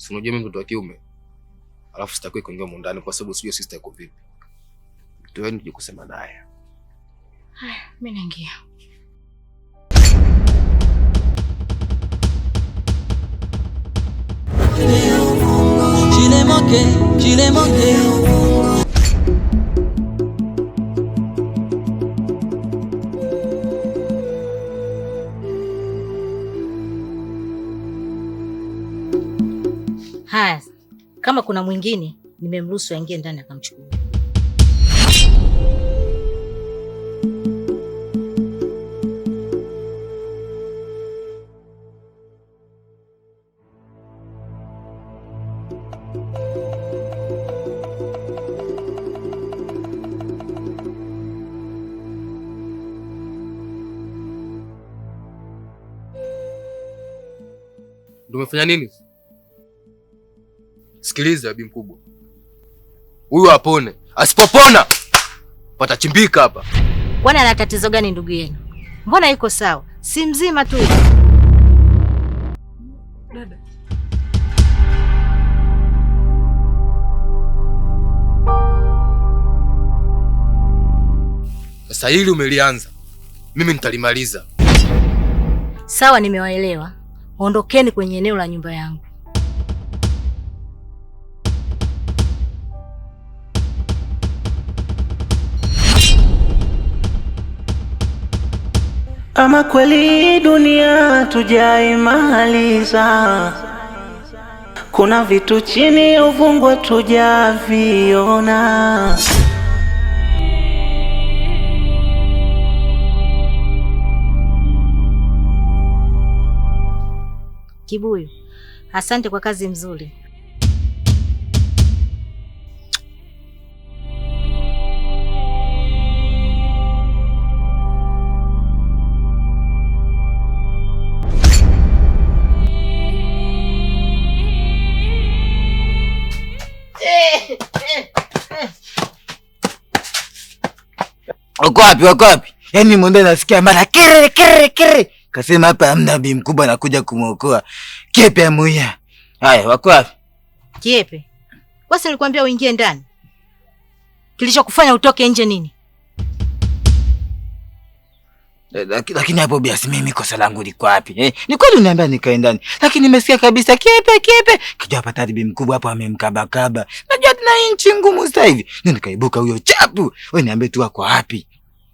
Si unajua mimi mtoto wa kiume. Alafu sitaki kuingia huko ndani kwa sababu sijui sister yako vipi. Tueni yaani nje kusema naye. Haya, mimi naingia. Chile moke, chile moke. Haya, kama kuna mwingine nimemruhusu aingie ndani akamchukua. Tumefanya nini? Sikiliza bi mkubwa, huyu apone, asipopona patachimbika hapa. Bwana ana tatizo gani ndugu yenu? Mbona yuko sawa, si mzima tu dada? Sasa hili umelianza, mimi nitalimaliza. Sawa, nimewaelewa. Ondokeni kwenye eneo la nyumba yangu. Ama kweli dunia tujaimaliza, kuna vitu chini uvungwa tujaviona. Kibuyu, asante kwa kazi mzuri. wako wapi? Wako wapi? Yaani mwambie nasikia mara kere kere kere. Kasema hapa amna bi mkubwa anakuja kumuokoa. Kiepe amuia. Haya, wako wapi? Kiepe. Basi nilikwambia uingie ndani. Kilichokufanya utoke nje nini? Eh, lakini hapo biasi, mimi kosa langu liko wapi eh? Ni kweli uniambia nikae ndani, lakini nimesikia kabisa kiepe kiepe hapa kijapa bi mkubwa hapo amemkabakaba. Najua tuna inchi ngumu sasa hivi, ndio nikaibuka huyo chapu. Wewe niambie tu wako wapi?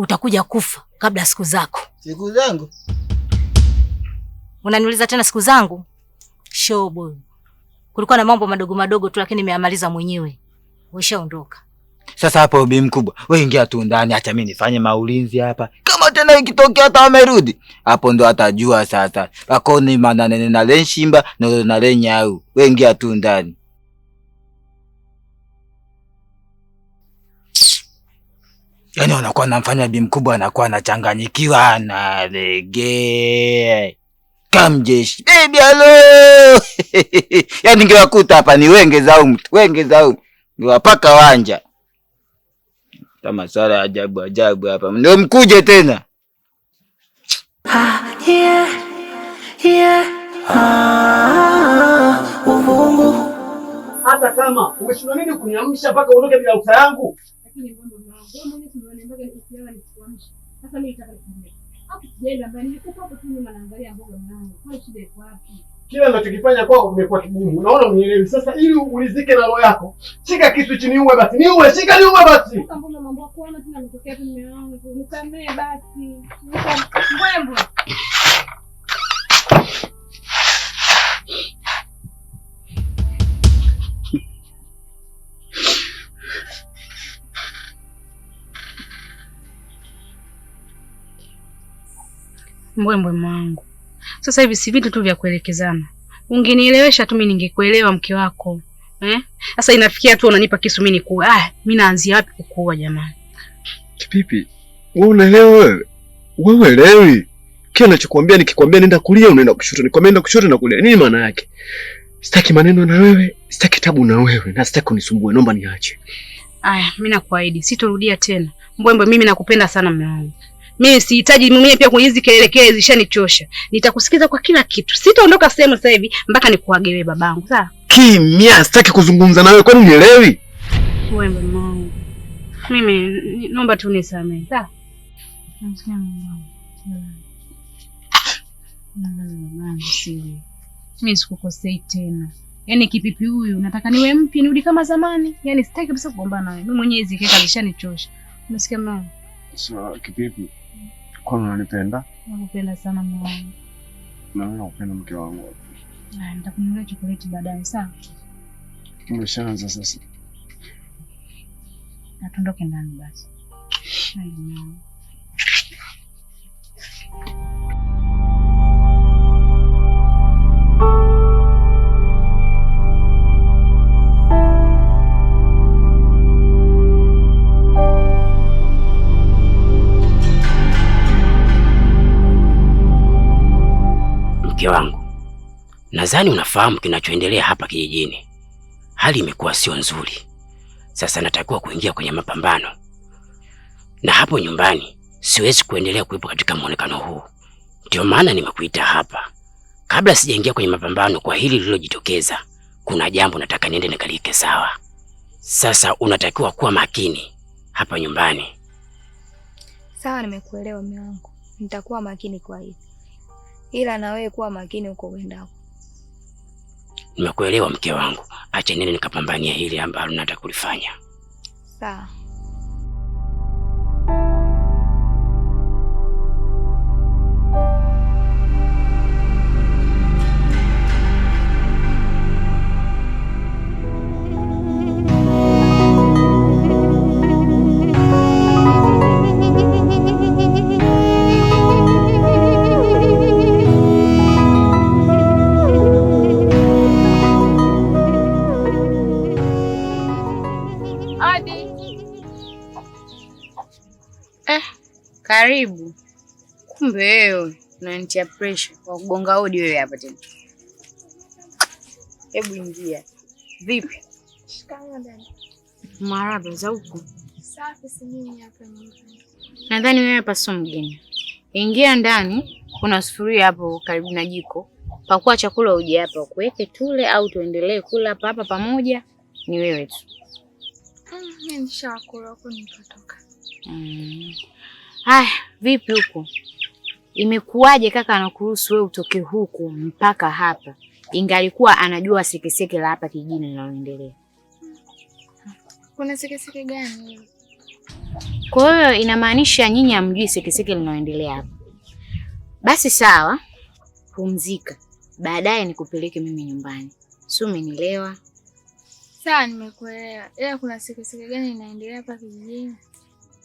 utakuja kufa kabla siku zako. Siku zangu? Unaniuliza tena siku zangu? Showboy, kulikuwa na mambo madogo madogo tu, lakini nimeamaliza mwenyewe. Ushaondoka sasa. Hapo ubi mkubwa, wewe ingia tu ndani, acha mimi nifanye maulinzi hapa. Kama tena ikitokea hata wamerudi hapo, ndo atajua sasa. Akoni mananene na lenshimba na lenyaau, wewe ingia tu ndani. yani wanakuwa namfanya bi mkubwa anakuwa anachanganyikiwa na reggae kamjeshi bibi alo yani ngewakuta hapa ni wenge za umu wenge za umu ngewapaka wanja ta maswala ya ajabu ajabu hapa ndio mkuje tena ah, yeah, yeah. Ah, hata kama umeshindwa nini kuniamsha mpaka uondoke bila uta yangu kila nachokifanya kwao umekuwa kigumu, naona unielewi. Sasa ili ulizike na roho yako, shika kisu chini, uwe basi, niuwe, shika niuwe basi. Mbwembwe mwangu, sasa hivi si vitu tu vya kuelekezana. Ungenielewesha tu, mimi ningekuelewa mke wako eh? Sasa inafikia tu unanipa kisu mimi nikuue. Ah, mimi naanzia wapi kukuua jamani? Kipipi wewe, unaelewa wewe? Wewe elewi kile ninachokuambia. Nikikwambia nenda kulia, unaenda kushoto, nikwambia nenda kushoto na kulia, nini maana yake? Sitaki maneno na wewe, sitaki tabu na wewe, na sitaki unisumbue. Naomba niache. Aya, mimi nakuahidi sitorudia tena. Mbwembwe, mimi nakupenda sana mume wangu. Mimi sihitaji mumie pia kwenye hizi kelele kelele, zishanichosha. Nitakusikiza kwa kila kitu, sitaondoka sehemu sasa hivi mpaka nikuage wewe babangu. Sawa? Kimya, sitaki kuzungumza nawe, kwani nielewi Wewe Mama mimi naomba tu nisamehe. Sawa? Mimi sikukosei tena. Yaani kipipi huyu, nataka niwe mpya, nirudi kama zamani. Yaani sitaki kabisa kugombana nawe. Mimi mwenyewe hizi kelele zishanichosha. Unasikia mama? So kivipi? Kwani unanipenda? Nakupenda sana mke wangu. Na mimi nakupenda mke wangu. Na nitakununulia chokoleti baadaye sawa? Umeshaanza sasa. Natuondoke ndani basi. Haiyo. mke wangu, nadhani unafahamu kinachoendelea hapa kijijini. Hali imekuwa sio nzuri. Sasa natakiwa kuingia kwenye mapambano, na hapo nyumbani siwezi kuendelea kuwepo katika mwonekano huu. Ndio maana nimekuita hapa. Kabla sijaingia kwenye mapambano kwa hili lililojitokeza, kuna jambo nataka niende nikaliike sawa. Sasa unatakiwa kuwa makini hapa nyumbani. Sawa, nimekuelewa mwanangu, nitakuwa makini kwa hili ila na wewe kuwa makini uko uendako. Nimekuelewa mke wangu, acha nini nikapambania hili ambalo nataka kulifanya. Sawa. unanitia pressure kwa kugonga hodi wewe hapa tena. Hebu ingia. Vipi? Shikamoo dada. Marahaba za huko. Safi, si mimi hapa nyumbani. Nadhani wewe hapa sio mgeni. Ingia ndani, kuna sufuria hapo karibu na jiko. Pakua chakula uje hapa kuweke tule au tuendelee kula hapa hapa pamoja, ni wewe tu. Mm, mimi nishakula huko Mm. Haya, vipi huko? Imekuwaje kaka anakuruhusu wewe utoke huku mpaka hapa, ingalikuwa anajua sekeseke la hapa kijijini linaloendelea? Kuna sekeseke gani? Kwa hiyo inamaanisha nyinyi hamjui sekeseke linaloendelea hapa. Basi sawa, pumzika, baadaye nikupeleke mimi nyumbani, si umenielewa? Sawa, nimekuelewa. Ila kuna sekeseke gani inaendelea hapa kijijini?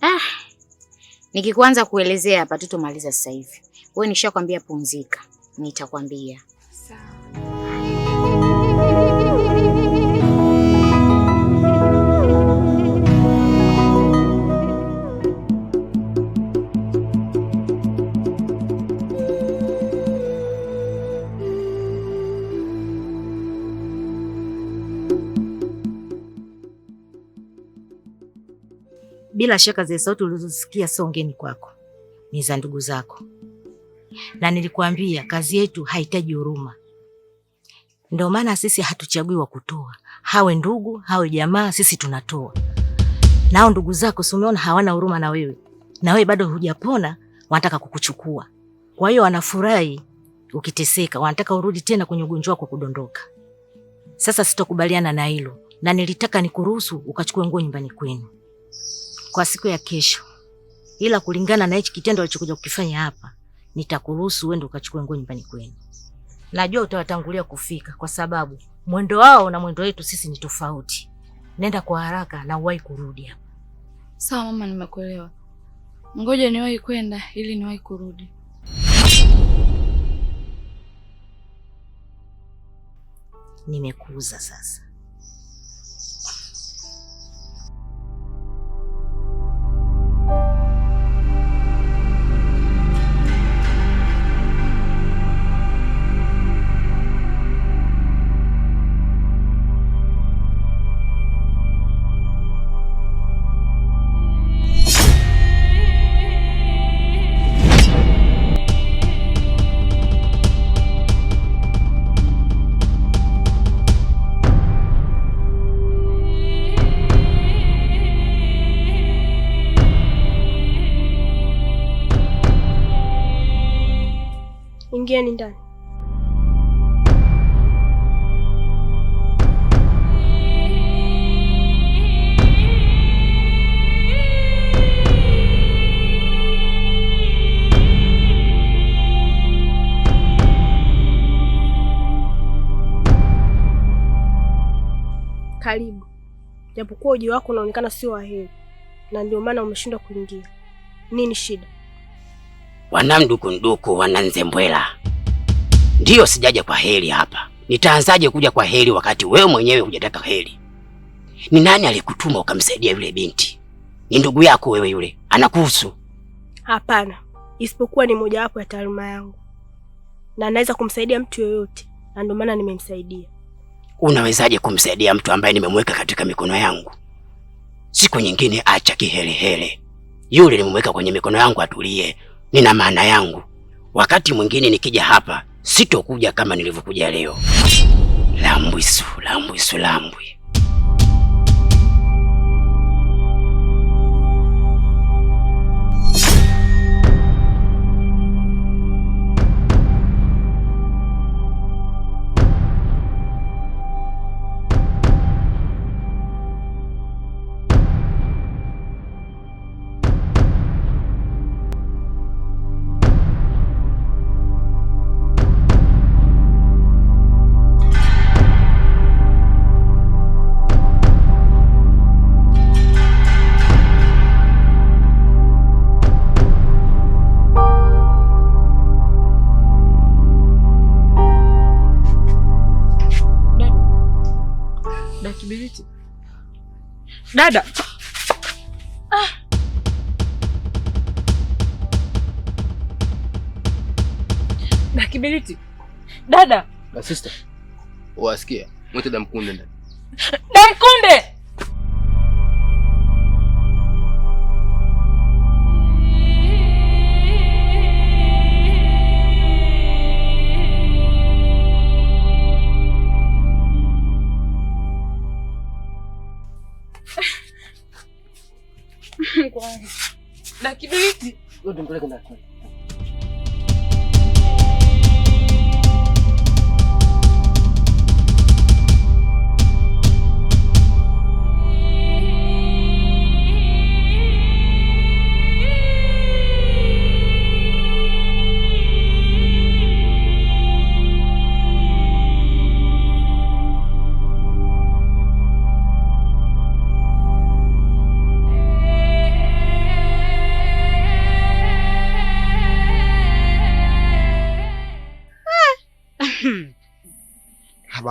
Ah. Nikikuanza kuelezea hapa tutomaliza sasa hivi. Wewe nishakwambia pumzika, nitakwambia Bila shaka zile sauti ulizosikia sio ngeni kwako, ni za ndugu zako, na nilikuambia kazi yetu haihitaji huruma. Ndio maana sisi hatuchagui wa kutoa, hawe ndugu hawe jamaa, sisi tunatoa. Nao ndugu zako si umeona hawana huruma na wewe, na wewe bado hujapona, wanataka kukuchukua. Kwa hiyo wanafurahi ukiteseka, wanataka urudi tena kwenye ugonjwa wako kudondoka. Sasa sitokubaliana na hilo, na nilitaka nikuruhusu ukachukue nguo nyumbani kwenu kwa siku ya kesho, ila kulingana na hichi kitendo alichokuja kukifanya hapa, nitakuruhusu uende ukachukue nguo nyumbani kwenu. Najua utawatangulia kufika kwa sababu mwendo wao na mwendo wetu sisi ni tofauti. Nenda kwa haraka na uwahi kurudi hapa. Sawa mama, nimekuelewa. Ngoja niwahi kwenda ili niwahi kurudi. Nimekuuza sasa. Ingieni ndani. Karibu, japokuwa uji wako unaonekana sio wa heri na ndio maana umeshindwa kuingia. Nini shida? wanamdukunduku wananzembwela. Ndiyo, sijaja kwa heri hapa. Nitaanzaje kuja kwa heri wakati wewe mwenyewe hujataka heri? Ni nani alikutuma ukamsaidia yule binti? Ni ndugu yako wewe, yule anakuhusu? Hapana, isipokuwa ni mojawapo ya taaluma yangu na naweza kumsaidia mtu yoyote, na ndio maana nimemsaidia. Unawezaje kumsaidia mtu ambaye nimemweka katika mikono yangu? Siku nyingine acha kihelehele. Yule nimemweka kwenye mikono yangu, atulie nina maana yangu. Wakati mwingine nikija hapa sitokuja kama nilivyokuja leo. Lambwisu, Lambwisu, Lambwi. Dada ah. Na Dakibiliti dada, na sister, wasikia mwite Damkunde, Damkunde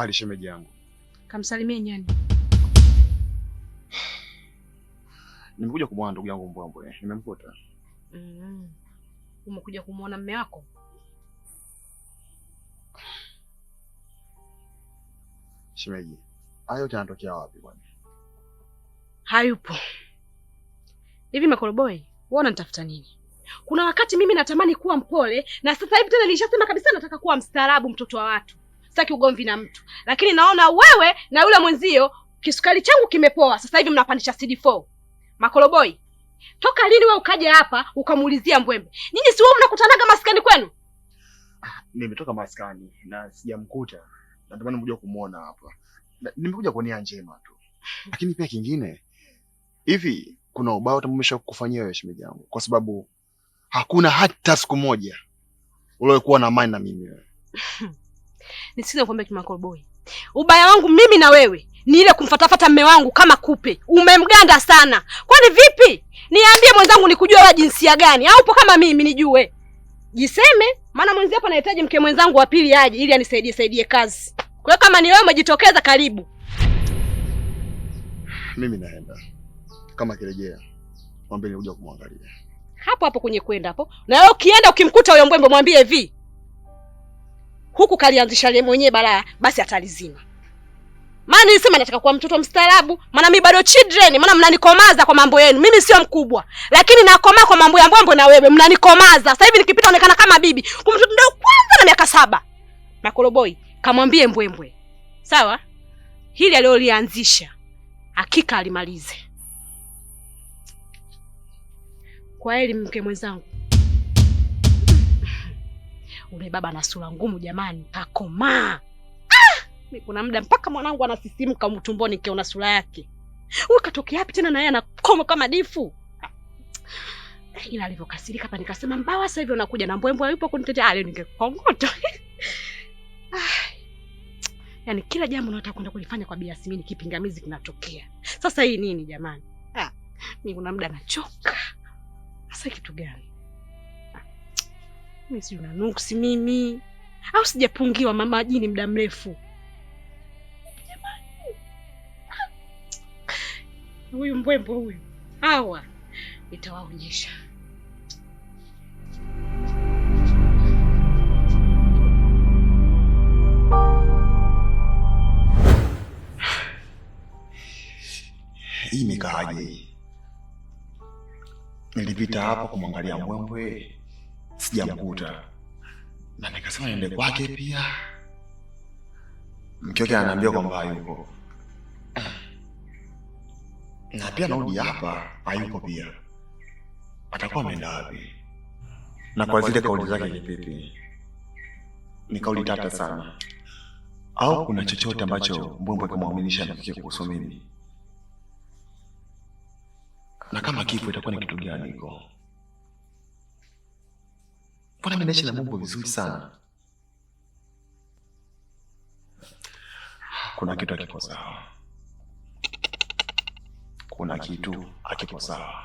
mahali shemeji yangu. Kamsalimie nyani. Nimekuja kumwona ndugu yangu Mbwambwe, eh. nimemkuta. Mm. Umekuja kumwona mme wako? Shemeji, hayo yanatokea wapi bwana? Hayupo. Hivi Makoroboi, wewe unanitafuta nini? Kuna wakati mimi natamani kuwa mpole na sasa hivi tena nilishasema kabisa nataka kuwa mstaarabu mtoto wa watu sitaki ugomvi na mtu, lakini naona wewe na yule mwenzio kisukari changu kimepoa, sasa hivi mnapandisha CD4. Makoroboi, toka lini wewe ukaja hapa ukamuulizia Mbwembe? Nyinyi si wewe mnakutanaga maskani kwenu? Ah, nimetoka maskani na sijamkuta, na ndio maana nimekuja kumuona hapa. Nimekuja kwa nia njema tu, lakini pia kingine hivi, kuna ubao tumesha kukufanyia wewe shemeji yangu, kwa sababu hakuna hata siku moja uliokuwa na amani na mimi wewe Nisikize nikwambie kitu Makoroboi. Ubaya wangu mimi na wewe ni ile kumfatafata mme wangu kama kupe. Umemganda sana. Kwani vipi? Niambie mwenzangu nikujue wewe jinsia gani? Au upo kama mimi nijue? Jiseme, maana mwenzi hapa anahitaji mke mwenzangu wa pili aje ili anisaidie saidie kazi. Kwa hiyo kama ni wewe umejitokeza karibu. Mimi naenda. Kama kirejea, mwambie nikuja kumwangalia. Hapo hapo kwenye kwenda hapo. Na wewe ukienda ukimkuta huyo mbwembo mwambie hivi huku kalianzisha yeye mwenyewe balaa, basi atalizima. Maana nilisema nataka kuwa mtoto mstaarabu, maana mimi bado children, maana mnanikomaza kwa mambo yenu. Mimi sio mkubwa, lakini nakomaa kwa mambo ya mbwambo na wewe mnanikomaza. Sasa hivi nikipita onekana kama bibi, Kwa mtoto ndio kwanza na miaka saba. Makoroboi, kamwambie mbwembwe. Sawa? Hili aliyolianzisha hakika alimalize. Kwa heri mke mwenzangu. Ule baba ana sura ngumu jamani, kakomaa. Ah! kuna muda mpaka mwanangu anasisimka mtumboni nikiona sura yake. Wewe katokea wapi tena na yeye anakoma kama difu? Ila alivyokasirika hapa nikasema mbawa sasa hivi unakuja na mbwembwe yupo kunitetea ale ningekongota. ah. Yaani kila jambo unataka kwenda kulifanya kwa Bi kipingamizi kinatokea. Sasa hii nini jamani? Ah, mimi kuna muda nachoka. Sasa kitu gani? mi una nuksi mimi au sijapungiwa mama jini muda mrefu? Huyu mbwembo huyu, hawa nitawaonyesha. Hii mikaaji, nilipita hapa kumwangalia mbwembwe sijamkuta, na nikasema niende kwake pia. Mkioke ananiambia kwamba hayupo, na pia naudi hapa hayuko pia. Atakuwa ameenda wapi? Na kwa zile kauli zake kipipi, ni kauli tata sana. Au kuna chochote ambacho Mbwembwe kamwaminisha nafikia kuhusu mimi, na kama kipo itakuwa ni kitu gani hiko Mbona mimi naishi na Mungu vizuri sana? Kuna kitu hakiko sawa, kuna kitu hakiko sawa.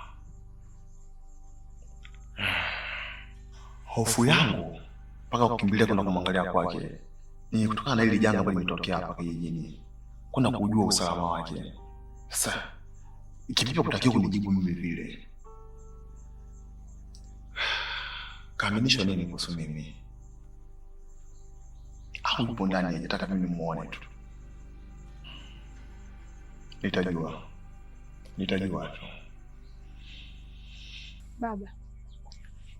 Hofu yangu mpaka kukimbilia kwenda kumwangalia kwake ni kutokana na hili janga ambalo limetokea hapa kijijini, kwenda kujua usalama wake. Sasa ikivipi kutakiwa kunijibu mimi vile kaaminisha nini kuhusu mimi? Au upo ndani ajataka mimi muone tu? Nitajua, nitajua tu baba.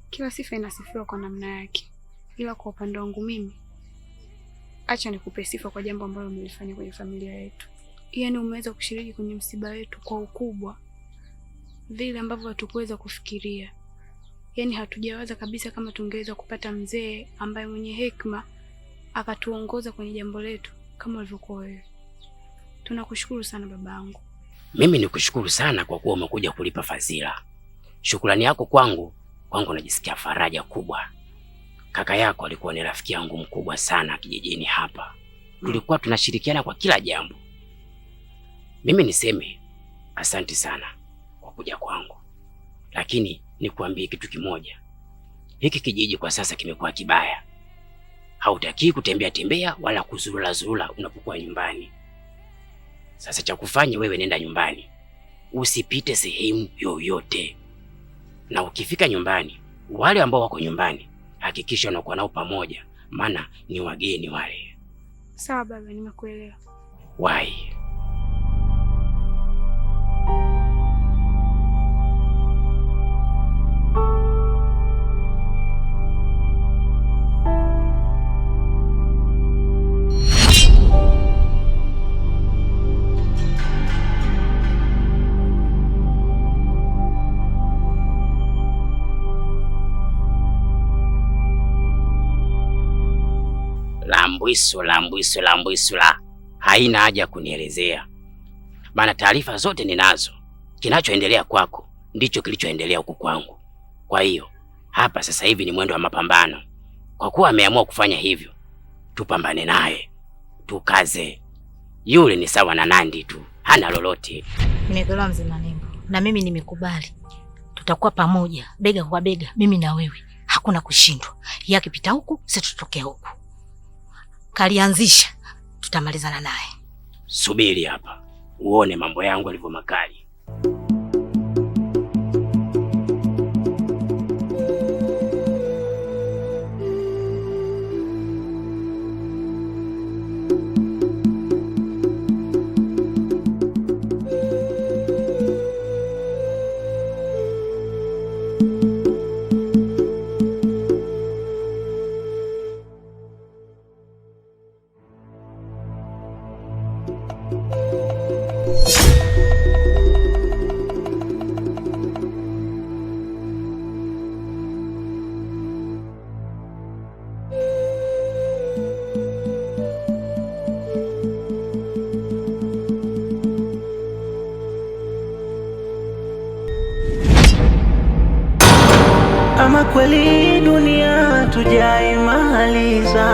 Kila sifa inasifiwa kwa namna yake, ila kwa upande wangu mimi, acha nikupe sifa kwa jambo ambalo umelifanya kwenye familia yetu. Yaani umeweza kushiriki kwenye msiba wetu kwa ukubwa vile ambavyo hatukuweza kufikiria yani hatujawaza kabisa kama tungeweza kupata mzee ambaye mwenye hekima akatuongoza kwenye jambo letu kama ulivyokuwa wewe. Tunakushukuru sana babangu. Mimi nikushukuru sana kwa kuwa umekuja kulipa fadhila. Shukrani yako kwangu, kwangu najisikia faraja kubwa. Kaka yako alikuwa ni rafiki yangu mkubwa sana kijijini hapa, tulikuwa tunashirikiana kwa kila jambo. Mimi niseme asante sana kwa kuja kwangu, lakini nikuambie kitu kimoja, hiki kijiji kwa sasa kimekuwa kibaya. Hautakii kutembea tembea wala kuzurula zurula unapokuwa nyumbani. Sasa cha kufanya wewe, nenda nyumbani, usipite sehemu yoyote, na ukifika nyumbani, wale ambao wako nyumbani hakikisha unakuwa nao pamoja, maana ni wageni wale. Sawa baba, nimekuelewa. Wai. Mbwisula, Mbwisula, Mbwisula, haina haja kunielezea, maana taarifa zote ninazo. Kinachoendelea kwako ndicho kilichoendelea huku kwangu. Kwa hiyo hapa sasa hivi ni mwendo wa mapambano. Kwa kuwa ameamua kufanya hivyo, tupambane naye, tukaze. Yule ni sawa na Nandi tu, hana lolote. Nimekuelewa mzima Manembo, na mimi nimekubali. Tutakuwa pamoja bega kwa bega, mimi na wewe, hakuna kushindwa. Yakipita huku, sisi tutokee huku kalianzisha, tutamalizana naye. Subiri hapa uone mambo yangu yalivyo makali. kweli dunia tujaimaliza,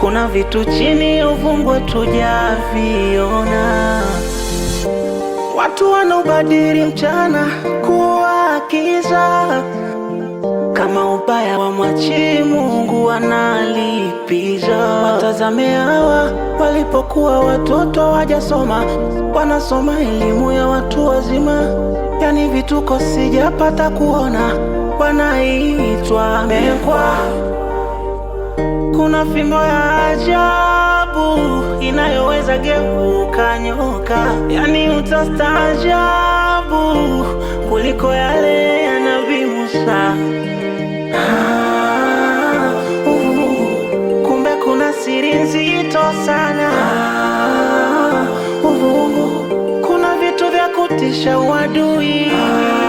kuna vitu chini ya ufungwa tujaviona. Watu wanaobadili mchana kuwa kiza, kama ubaya wa mwachi Mungu wanalipiza. Watazame hawa walipokuwa watoto wajasoma, wanasoma elimu ya watu wazima yani vituko sijapata kuona, wanaitwa mekwa. Kuna fimbo ya ajabu inayoweza geuka nyoka, yani utastaajabu kuliko yale yanaviusa Ah, uh, uh, uh, uh, kumbe kuna siri nzito sana kuwatisha wadui ah.